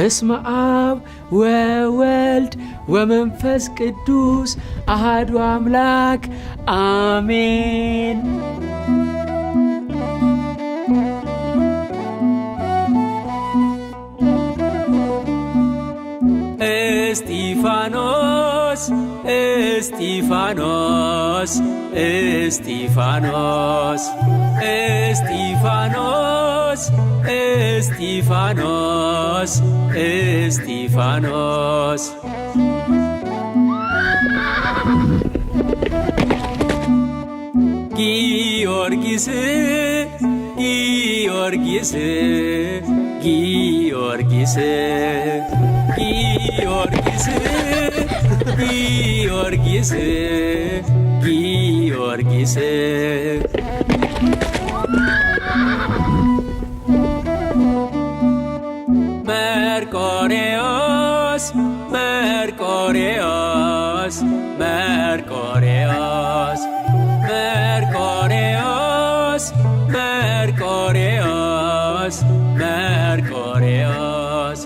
በስመ አብ ወወልድ ወመንፈስ ቅዱስ አሃዱ አምላክ አሜን። እስጢፋኖስ እስጢፋኖስ እስጢፋኖስ እስጢፋኖስ እስጢፋኖስ እስጢፋኖስ እስጢፋኖስ ጊዮርጊስ ጊዮርጊስ ጊዮርጊስ ጊዮርጊስ ጊዮርጊስ ጊዮርጊስ Mercoreos, Mercoreos, Mercoreos, Mercoreos.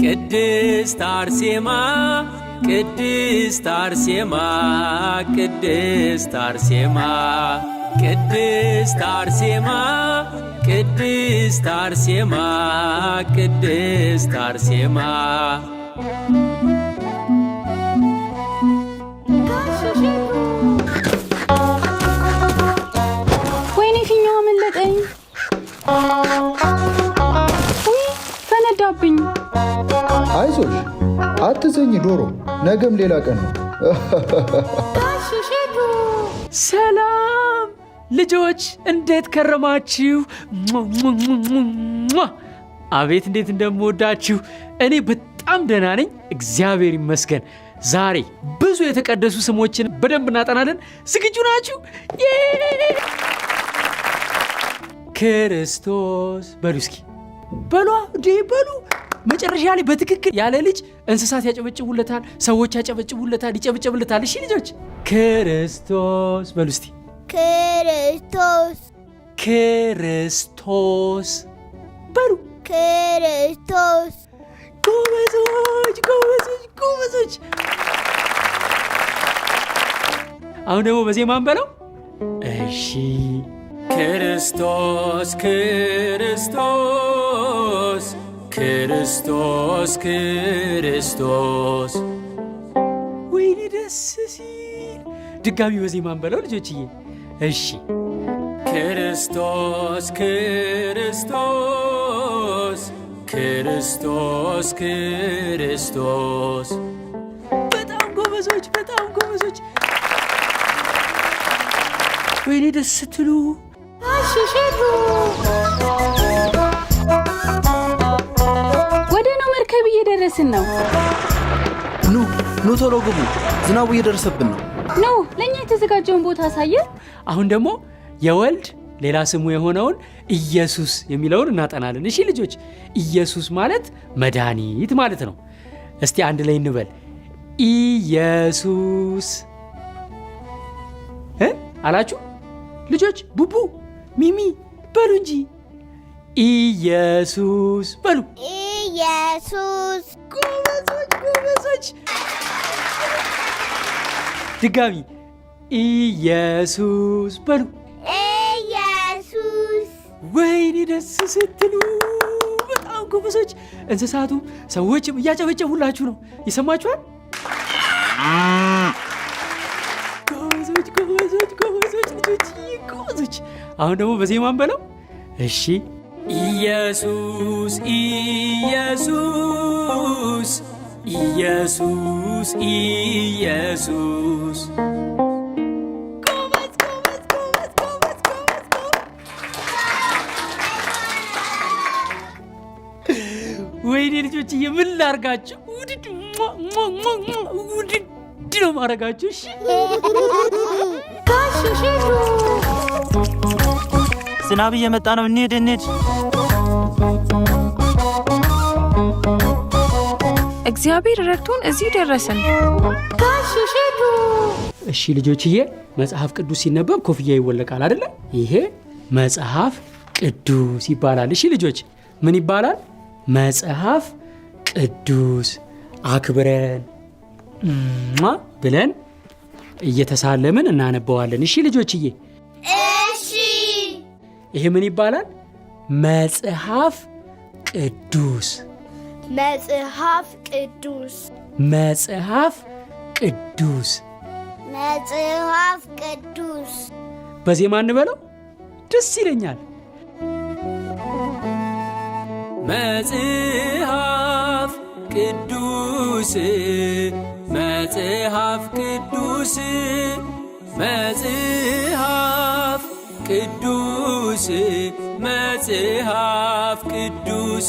Que te estar más que te estar más que te estar más. que te estar más Que ቅድስት አርሴማ ቅድስት አርሴማ ወይኔ ፊኛዋ መለጠኝ ውይ ፈነዳብኝ አይዞሽ አትዘኝ ዶሮ ነገም ሌላ ቀን ነው ሰላም ልጆች እንዴት ከረማችሁ? አቤት እንዴት እንደምወዳችሁ! እኔ በጣም ደህና ነኝ፣ እግዚአብሔር ይመስገን። ዛሬ ብዙ የተቀደሱ ስሞችን በደንብ እናጠናለን። ዝግጁ ናችሁ? ክርስቶስ በሉ እስኪ በሏ፣ እንዴ በሉ መጨረሻ ላይ በትክክል ያለ ልጅ እንስሳት ያጨበጭቡለታል፣ ሰዎች ያጨበጭቡለታል፣ ይጨብጨብለታል። እሺ ልጆች ክርስቶስ በሉ እስቲ ክርስቶስ ክርስቶስ በሩ ክርስቶስ። ጎበዞች ጎበዞች ጎበዞች። አሁን ደግሞ በዜማ እንበለው። እሺ ክርስቶስ ክርስቶስ ክርስቶስ ክርስቶስ። ወይኔ ደስ ሲል! ድጋሚ በዜማ እንበለው ልጆችዬ። እሺ ክርስቶስ ክርስቶስ ክርስቶስ ክርስቶስ። በጣም ጎበዞች፣ በጣም ጎበዞች። ወይኔ ደስ ስትሉ አሽሽሉ ወደ ነው መርከብ እየደረስን ነው። ኑ ኑ፣ ቶሎ ግቡ፣ ዝናቡ እየደረሰብን ነው። ኖ ለእኛ የተዘጋጀውን ቦታ አሳየን። አሁን ደግሞ የወልድ ሌላ ስሙ የሆነውን ኢየሱስ የሚለውን እናጠናለን። እሺ ልጆች፣ ኢየሱስ ማለት መድኃኒት ማለት ነው። እስቲ አንድ ላይ እንበል ኢየሱስ አላችሁ ልጆች። ቡቡ ሚሚ በሉ እንጂ ኢየሱስ በሉ። ኢየሱስ። ጎበዞች ጎበዞች። ድጋሚ ኢየሱስ በሉ ኢየሱስ። ወይኔ ደስ ስትሉ በጣም ጎበሶች። እንስሳቱ ሰዎችም እያጨበጨቡላችሁ ነው። ይሰማችኋል? ጎበዞች፣ ጎበዞች፣ ጎበዞች ልጆች፣ ጎበዞች። አሁን ደግሞ በዜማን በለው እሺ ኢየሱስ ኢየሱስ ኢየሱስ ኢየሱስ ውዶች የምን ላርጋችሁ? ውድድ ውድድ ነው ማረጋችሁ። እሺ ዝናብ እየመጣ ነው። እንሂድ እንሂድ። እግዚአብሔር ረድቶን እዚህ ደረስን። እሺ ልጆችዬ፣ መጽሐፍ ቅዱስ ሲነበብ ኮፍያ ይወለቃል አይደለ? ይሄ መጽሐፍ ቅዱስ ይባላል። እሺ ልጆች ምን ይባላል? መጽሐፍ ቅዱስ አክብረን ብለን እየተሳለምን እናነበዋለን። እሺ ልጆችዬ፣ እሺ። ይሄ ምን ይባላል? መጽሐፍ ቅዱስ መጽሐፍ ቅዱስ መጽሐፍ ቅዱስ መጽሐፍ ቅዱስ በዜማ እንበለው። ደስ ይለኛል። መጽሐፍ ቅዱስ መጽሐፍ ቅዱስ መጽሐፍ ቅዱስ መጽሐፍ ቅዱስ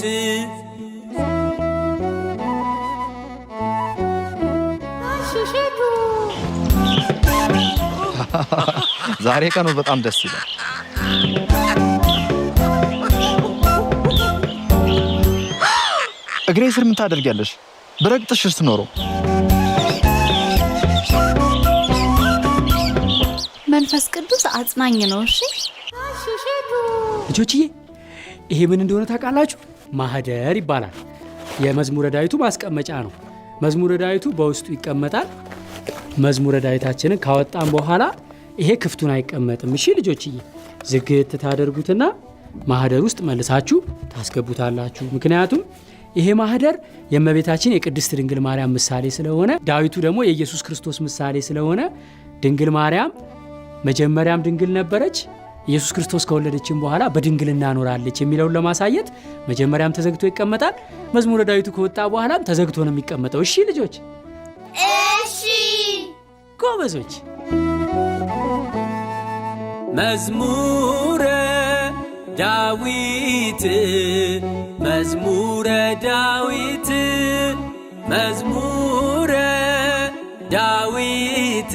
ዛሬ ቀኑ በጣም ደስ ይላል። እግሬ ስር ምን ታደርጊያለሽ? ብረግጥሽስ ኖሮ መንፈስ ቅዱስ አጽናኝ ነው። እሺ ልጆችዬ፣ ይሄ ምን እንደሆነ ታውቃላችሁ? ማህደር ይባላል። የመዝሙረ ዳዊቱ ማስቀመጫ ነው። መዝሙረ ዳዊቱ በውስጡ ይቀመጣል። መዝሙረ ዳዊታችንን ካወጣን በኋላ ይሄ ክፍቱን አይቀመጥም። እሺ ልጆችዬ፣ ዝግት ታደርጉትና ማህደር ውስጥ መልሳችሁ ታስገቡታላችሁ። ምክንያቱም ይሄ ማህደር የእመቤታችን የቅድስት ድንግል ማርያም ምሳሌ ስለሆነ ዳዊቱ ደግሞ የኢየሱስ ክርስቶስ ምሳሌ ስለሆነ ድንግል ማርያም መጀመሪያም ድንግል ነበረች፣ ኢየሱስ ክርስቶስ ከወለደችን በኋላ በድንግልና ኖራለች የሚለውን ለማሳየት መጀመሪያም ተዘግቶ ይቀመጣል። መዝሙረ ዳዊቱ ከወጣ በኋላም ተዘግቶ ነው የሚቀመጠው። እሺ ልጆች፣ እሺ ጎበዞች መዝሙር ዳዊት መዝሙረ ዳዊት መዝሙረ ዳዊት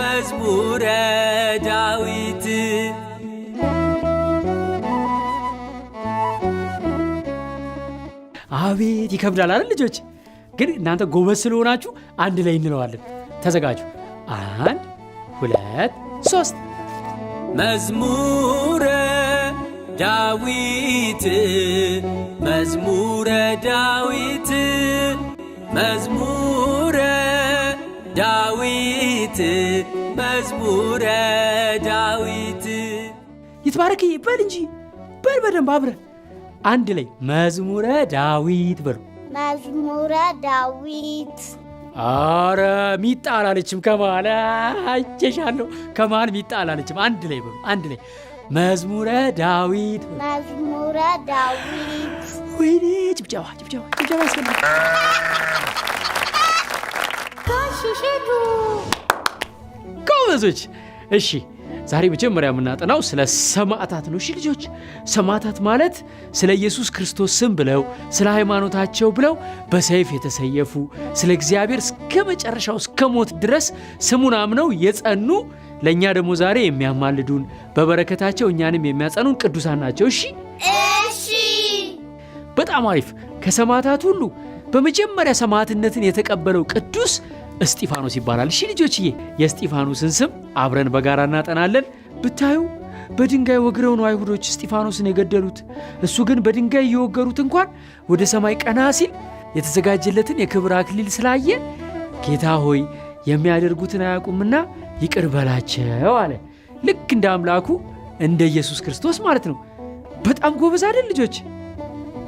መዝሙረ ዳዊት አቤት ይከብዳል አይደል ልጆች ግን እናንተ ጎበዝ ስለሆናችሁ አንድ ላይ እንለዋለን ተዘጋጁ አንድ ሁለት ሶስት መዝሙረ ዳዊት መዝሙረ ዳዊት መዝሙረ ዳዊት መዝሙረ ዳዊት ይትባረክ በል እንጂ በል በደንብ አብረ አንድ ላይ መዝሙረ ዳዊት በሉ። መዝሙረ ዳዊት አረ ሚጣ አላለችም። ከማለ አይቼሻለሁ። ከማል ሚጣ አላለችም። አንድ ላይ በሉ። አንድ ላይ መዝሙረ ዳዊት መዝሙረ ዳዊት። ወይኔ ጭብጨባ ጭብጨባ ጭብጨባ ያስፈልጋል። ጎበዞች። እሺ ዛሬ መጀመሪያ የምናጠናው ስለ ሰማዕታት ነው። እሺ ልጆች፣ ሰማዕታት ማለት ስለ ኢየሱስ ክርስቶስ ስም ብለው ስለ ሃይማኖታቸው ብለው በሰይፍ የተሰየፉ ስለ እግዚአብሔር እስከ መጨረሻው እስከ ሞት ድረስ ስሙን አምነው የጸኑ ለእኛ ደግሞ ዛሬ የሚያማልዱን በበረከታቸው እኛንም የሚያጸኑን ቅዱሳን ናቸው። እሺ እሺ፣ በጣም አሪፍ። ከሰማዕታት ሁሉ በመጀመሪያ ሰማዕትነትን የተቀበለው ቅዱስ እስጢፋኖስ ይባላል። እሺ ልጆችዬ፣ የእስጢፋኖስን ስም አብረን በጋራ እናጠናለን። ብታዩ በድንጋይ ወግረው ነው አይሁዶች እስጢፋኖስን የገደሉት። እሱ ግን በድንጋይ እየወገሩት እንኳን ወደ ሰማይ ቀና ሲል የተዘጋጀለትን የክብር አክሊል ስላየ ጌታ ሆይ የሚያደርጉትን አያውቁምና ይቅር በላቸው አለ። ልክ እንደ አምላኩ እንደ ኢየሱስ ክርስቶስ ማለት ነው። በጣም ጎበዝ አይደል ልጆች?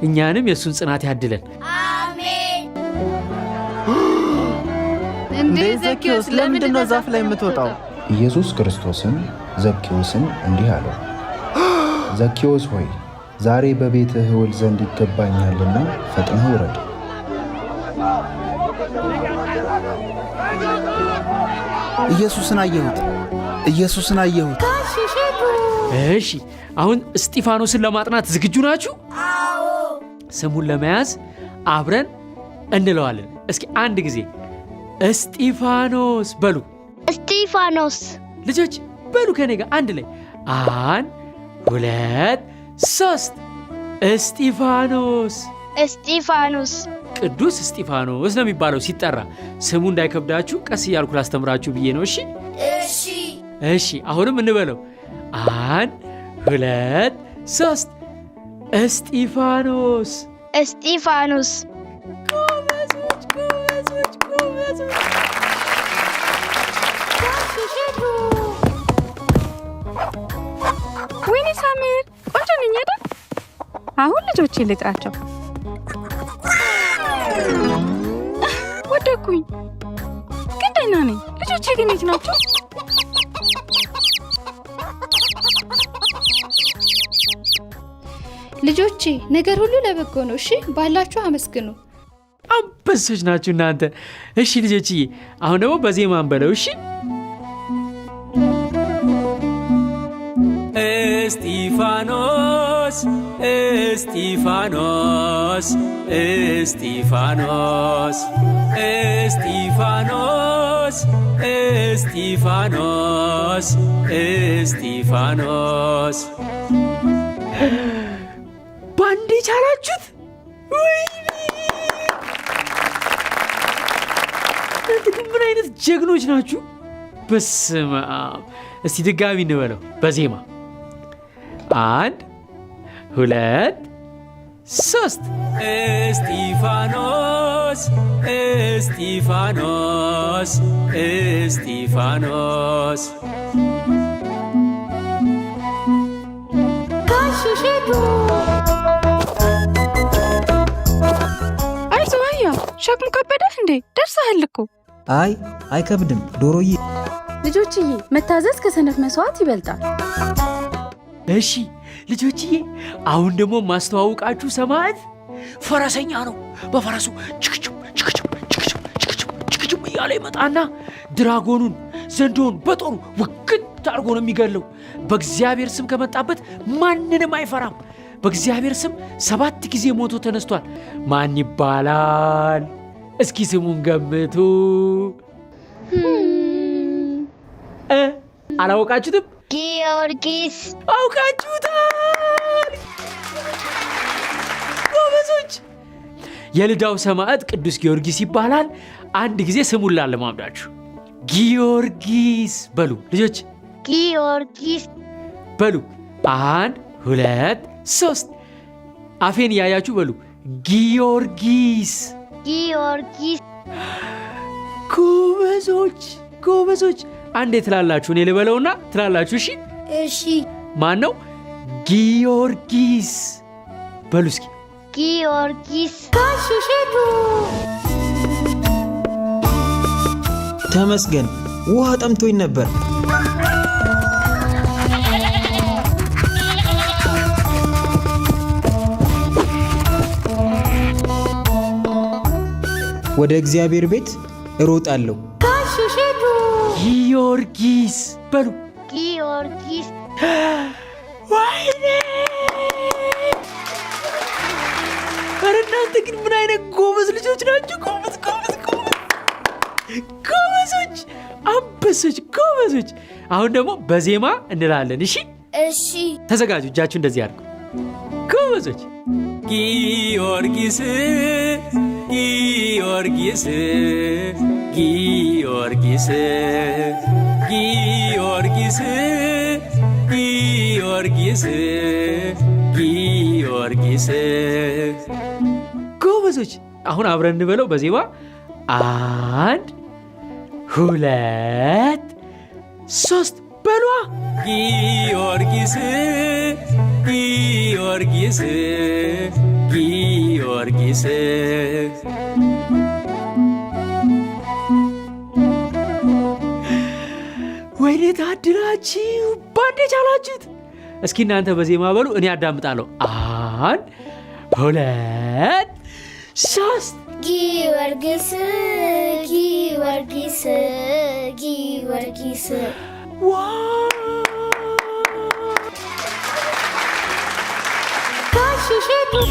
እኛንም የእሱን ጽናት ያድለን። ለምንድነው እንዴ ለምንድን ነው ዛፍ ላይ የምትወጣው? ኢየሱስ ክርስቶስም ዘኪዎስን እንዲህ አለው፣ ዘኪዎስ ሆይ ዛሬ በቤት እውል ዘንድ ይገባኛልና ፈጥነህ ውረድ። ኢየሱስን አየሁት፣ ኢየሱስን አየሁት። እሺ፣ አሁን እስጢፋኖስን ለማጥናት ዝግጁ ናችሁ? ስሙን ለመያዝ አብረን እንለዋለን። እስኪ አንድ ጊዜ እስጢፋኖስ በሉ። እስጢፋኖስ ልጆች በሉ ከኔ ጋር አንድ ላይ አን ሁለት ሶስት። እስጢፋኖስ እስጢፋኖስ ቅዱስ እስጢፋኖስ ነው የሚባለው ሲጠራ። ስሙ እንዳይከብዳችሁ ቀስ እያልኩ ላስተምራችሁ ብዬ ነው። እሺ እሺ እሺ። አሁንም እንበለው አንድ ሁለት ሶስት። እስጢፋኖስ እስጢፋኖስ። ወይኔ ሳሜር ቆንጆ ነኝ አይደል? አሁን ልጆቼ ልጥራቸው እኮኝ ግን ደህና ነኝ። ልጆቼ ግን የት ናቸው? ልጆቼ ነገር ሁሉ ለበጎ ነው። እሺ ባላችሁ አመስግኑ። አንበሶች ናችሁ እናንተ። እሺ ልጆችዬ፣ አሁን ደግሞ በዜማ እንበለው። እሺ እስጢፋኖስ እስጢፋኖስ እስጢፋኖስ እስጢፋኖስ እስጢፋኖስ እስጢፋኖስ እስጢፋኖስ ባንዴ ቻላችሁት። ምን አይነት ጀግኖች ናችሁ! በስመ አብ! እስቲ ድጋሚ እንበለው በዜማ አንድ ሁለት ሶስት እስጢፋኖስ እስጢፋኖስ እስጢፋኖስ አይ ሱመያ ሸክሙ ከበደህ እንዴ? ደርሰሃል እኮ። አይ አይከብድም ዶሮዬ። ልጆችዬ መታዘዝ ከሰነፍ መስዋዕት ይበልጣል። እሺ ልጆችዬ አሁን ደግሞ ማስተዋወቃችሁ ሰማዕት ፈረሰኛ ነው። በፈረሱ ችክችም ችክችም ችክችም ችክችም ችክችም እያለ ይመጣና ድራጎኑን ዘንዶውን በጦሩ ውግድ አድርጎ ነው የሚገለው በእግዚአብሔር ስም ከመጣበት ማንንም አይፈራም። በእግዚአብሔር ስም ሰባት ጊዜ ሞቶ ተነስቷል። ማን ይባላል? እስኪ ስሙን ገምቱ። አላወቃችሁትም? ጊዮርጊስ አውቃችሁታል። ጎበዞች። የልዳው ሰማዕት ቅዱስ ጊዮርጊስ ይባላል። አንድ ጊዜ ስሙን ላለማምዳችሁ ጊዮርጊስ በሉ ልጆች፣ ጊዮርጊስ በሉ። አንድ ሁለት ሶስት፣ አፌን እያያችሁ በሉ። ጊዮርጊስ ጊዮርጊስ። ጎበዞች ጎበዞች። አንዴ ትላላችሁ፣ እኔ ልበለውና ትላላችሁ። እሺ፣ እሺ። ማን ነው? ጊዮርጊስ በሉ እስኪ። ጊዮርጊስ ሽሽቱ። ተመስገን፣ ውሃ ጠምቶኝ ነበር። ወደ እግዚአብሔር ቤት እሮጣለሁ። ጊዮርጊስ በሉ። ጊዮርጊስ ወይኔ! ኧረ እናንተ ግን ምን አይነት ጎበዝ ልጆች ናቸው! ጎበዝ ጎበዝ ጎበዝ ጎበዞች፣ አንበሶች፣ ጎበዞች። አሁን ደግሞ በዜማ እንላለን። እሺ እሺ፣ ተዘጋጁ። እጃችሁ እንደዚህ አድርጉ። ጎበዞች ጊዮርጊስ ጊዮርጊስ ጊዮርጊስ ጊዮርጊስ ጊዮርጊስ ጊዮርጊስ ጎበዞች አሁን አብረን እንበለው በዜማ አንድ ሁለት ሶስት በሏ ጊዮርጊስ ጊዮርጊስ ጊዮርጊስ ወይኔ ታድላችሁ ባንዴ ቻላችሁት። እስኪ እናንተ በዜማ በሉ፣ እኔ አዳምጣለሁ። አን ሁለት ሶስት ጊወርጊስ ጊወርጊስ ጊወርጊስ ዋ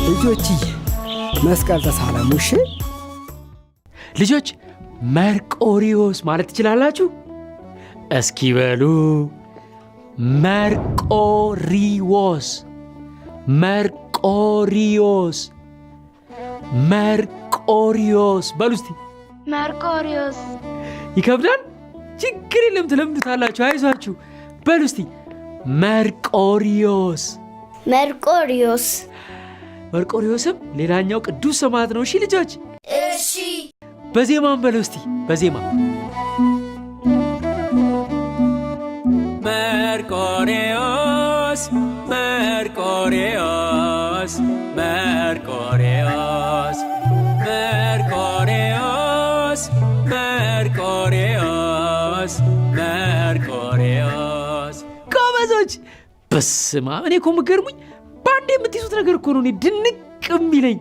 ልጆችዬ መስቀል ተሳለሙሽ ልጆች መርቆሪዎስ ማለት ትችላላችሁ እስኪ በሉ መርቆሪዎስ መርቆሪዎስ መርቆሪዎስ በሉ እስቲ መርቆሪዎስ። ይከብዳል፣ ችግር የለም ትለምዱታላችሁ፣ አይዟችሁ። በሉ እስቲ መርቆሪዎስ መርቆሪዎስ። መርቆሪዎስም ሌላኛው ቅዱስ ሰማዕት ነው። እሺ ልጆች፣ እሺ በዜማም በሉ እስቲ በዜማ መርቆሬዎስ መርቆሬዎስ መርቆሬዎስ መርቆሬዎስ መርቆሬዎስ መርቆሬዎስ ጎበዞች! በስማ እኔ እኮ የምገርሙኝ በአንድ የምትይዙት ነገር እኮ ነው። እኔ ድንቅ የሚለኝ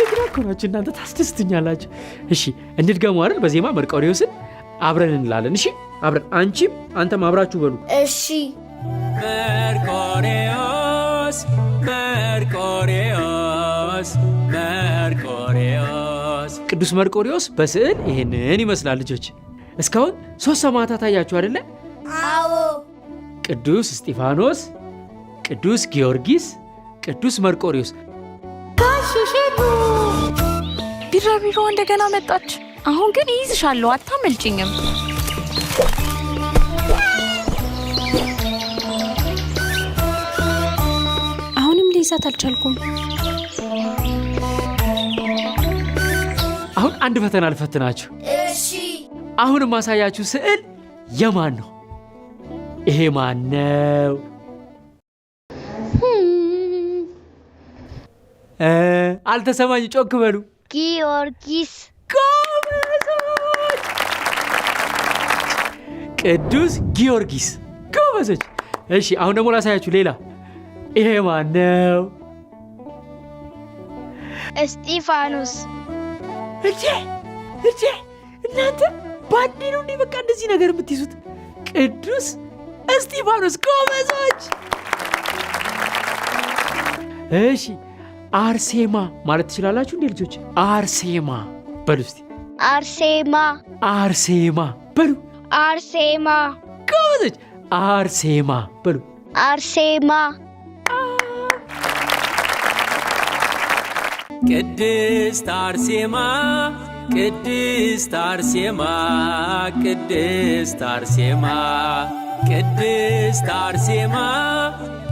ችግር እኮ ናችሁ እናንተ ታስደስቱኛላችሁ። እሺ እንድድገሙ አይደል? በዜማ መርቆሬዎስን አብረን እንላለን። እሺ አብረን አንቺም አንተም አብራችሁ በሉ። እሺ መርቆሬዎስ መርቆሬዎስ መርቆሬዎስ ቅዱስ መርቆሬዎስ በስዕል ይህንን ይመስላል። ልጆች እስካሁን ሶስት ሰማዕታት አያችሁ አደለ አዎ። ቅዱስ እስጢፋኖስ፣ ቅዱስ ጊዮርጊስ፣ ቅዱስ መርቆሪዎስ ቢራቢሮ እንደገና መጣች። አሁን ግን ይይዝሻለሁ፣ አታመልጭኝም። አሁንም ልይዛት አልቻልኩም። አሁን አንድ ፈተና አልፈትናችሁ። አሁን የማሳያችሁ ስዕል የማን ነው? ይሄ ማን ነው? አልተሰማኝ። ጮክ በሉ። ጊዮርጊስ ቅዱስ ጊዮርጊስ ጎበዘች። እሺ አሁን ደግሞ ላሳያችሁ ሌላ። ይሄ ማን ነው? እስጢፋኖስ። እቼ እቼ እናንተ ባንዴ ነው እንዴ በቃ እንደዚህ ነገር የምትይዙት? ቅዱስ እስጢፋኖስ ጎበዞች። እሺ አርሴማ ማለት ትችላላችሁ እንዴ ልጆች? አርሴማ በሉ እስቲ። አርሴማ አርሴማ በሉ አርሴማ ጎበዞች። አርሴማ በሉ። አርሴማ ቅድስት አርሴማ ቅድስት አርሴማ ቅድስት አርሴማ ቅድስት አርሴማ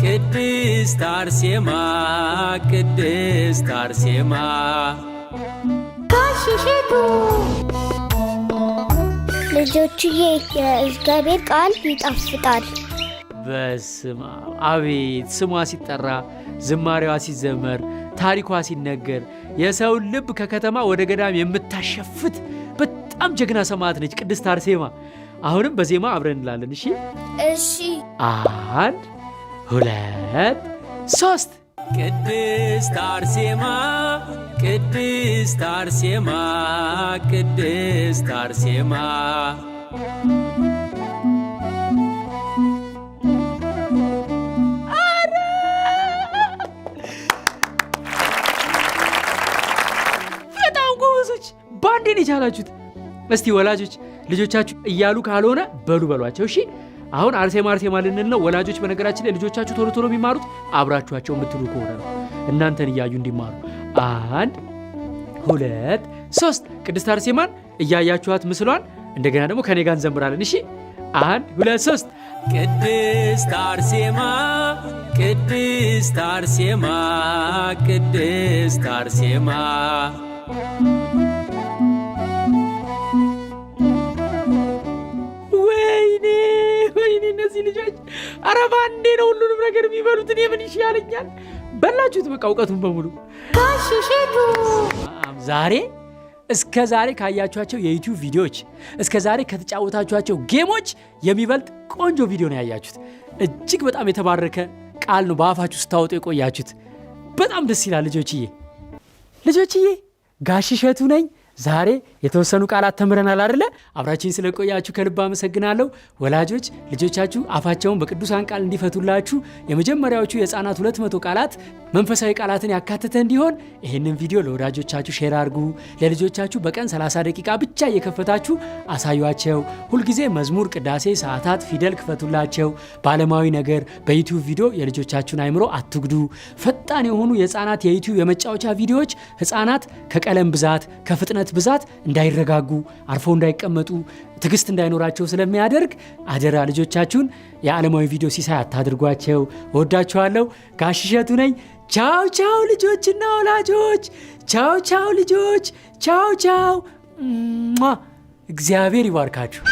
ቅድስት አርሴማ ቅድስት አርሴማ ልጆችዬ የእግዚአብሔር ቃል ይጣፍጣል። በስማ አቤት ስሟ ሲጠራ ዝማሬዋ ሲዘመር ታሪኳ ሲነገር የሰውን ልብ ከከተማ ወደ ገዳም የምታሸፍት በጣም ጀግና ሰማዕት ነች ቅድስት አርሴማ። አሁንም በዜማ አብረን እንላለን። እሺ እሺ። አንድ ሁለት ሶስት። ቅድስት አርሴማ ቅድስት አርሴማ ቅድስት አርሴማ በጣም ጎበዞች ባንዴን የቻላችሁት። እስቲ ወላጆች ልጆቻችሁ እያሉ ካልሆነ በሉ በሏቸው። እሺ አሁን አርሴማ አርሴማ ልንል ነው። ወላጆች በነገራችን ላይ ልጆቻችሁ ቶሎ ቶሎ የሚማሩት አብራችኋቸው የምትሉ ከሆነ ነው። እናንተን እያዩ እንዲማሩ። አንድ ሁለት ሶስት። ቅድስት አርሴማን እያያችኋት ምስሏን እንደገና ደግሞ ከኔ ጋር እንዘምራለን። እሺ አንድ ሁለት ሶስት። ቅድስት አርሴማ ቅድስት አርሴማ ቅድስት አርሴማ ወይኔ ወይኔ! እነዚህ ልጆች አረባ እንዴ ነው ሁሉንም ነገር የሚበሉት። እኔ ምን ይሻለኛል? በላችሁት በቃ እውቀቱን በሙሉ ዛሬ እስከ ዛሬ ካያችኋቸው የዩቲዩብ ቪዲዮዎች እስከ ዛሬ ከተጫወታችኋቸው ጌሞች የሚበልጥ ቆንጆ ቪዲዮ ነው ያያችሁት። እጅግ በጣም የተባረከ ቃል ነው በአፋችሁ ስታወጡ የቆያችሁት። በጣም ደስ ይላል ልጆችዬ፣ ልጆችዬ ጋሽ እሸቱ ነኝ። ዛሬ የተወሰኑ ቃላት ተምረናል አይደለ? አብራችን ስለቆያችሁ ከልብ አመሰግናለሁ። ወላጆች ልጆቻችሁ አፋቸውን በቅዱሳን ቃል እንዲፈቱላችሁ የመጀመሪያዎቹ የህፃናት 200 ቃላት መንፈሳዊ ቃላትን ያካተተ እንዲሆን ይህንን ቪዲዮ ለወዳጆቻችሁ ሼር አድርጉ። ለልጆቻችሁ በቀን 30 ደቂቃ ብቻ እየከፈታችሁ አሳዩቸው። ሁልጊዜ መዝሙር፣ ቅዳሴ፣ ሰዓታት፣ ፊደል ክፈቱላቸው። በዓለማዊ ነገር በዩቲዩብ ቪዲዮ የልጆቻችሁን አይምሮ አትግዱ። ፈጣን የሆኑ የህፃናት የዩቲዩብ የመጫወቻ ቪዲዮዎች ህፃናት ከቀለም ብዛት ከፍጥነት የጭንቀት ብዛት እንዳይረጋጉ፣ አርፎ እንዳይቀመጡ፣ ትግስት እንዳይኖራቸው ስለሚያደርግ አደራ ልጆቻችሁን የዓለማዊ ቪዲዮ ሲሳይ አታድርጓቸው። ወዳችኋለሁ ጋሽሸቱ ነኝ። ቻው ቻው ልጆችና ወላጆች። ቻው ቻው ልጆች። ቻው ቻው። እግዚአብሔር ይባርካችሁ።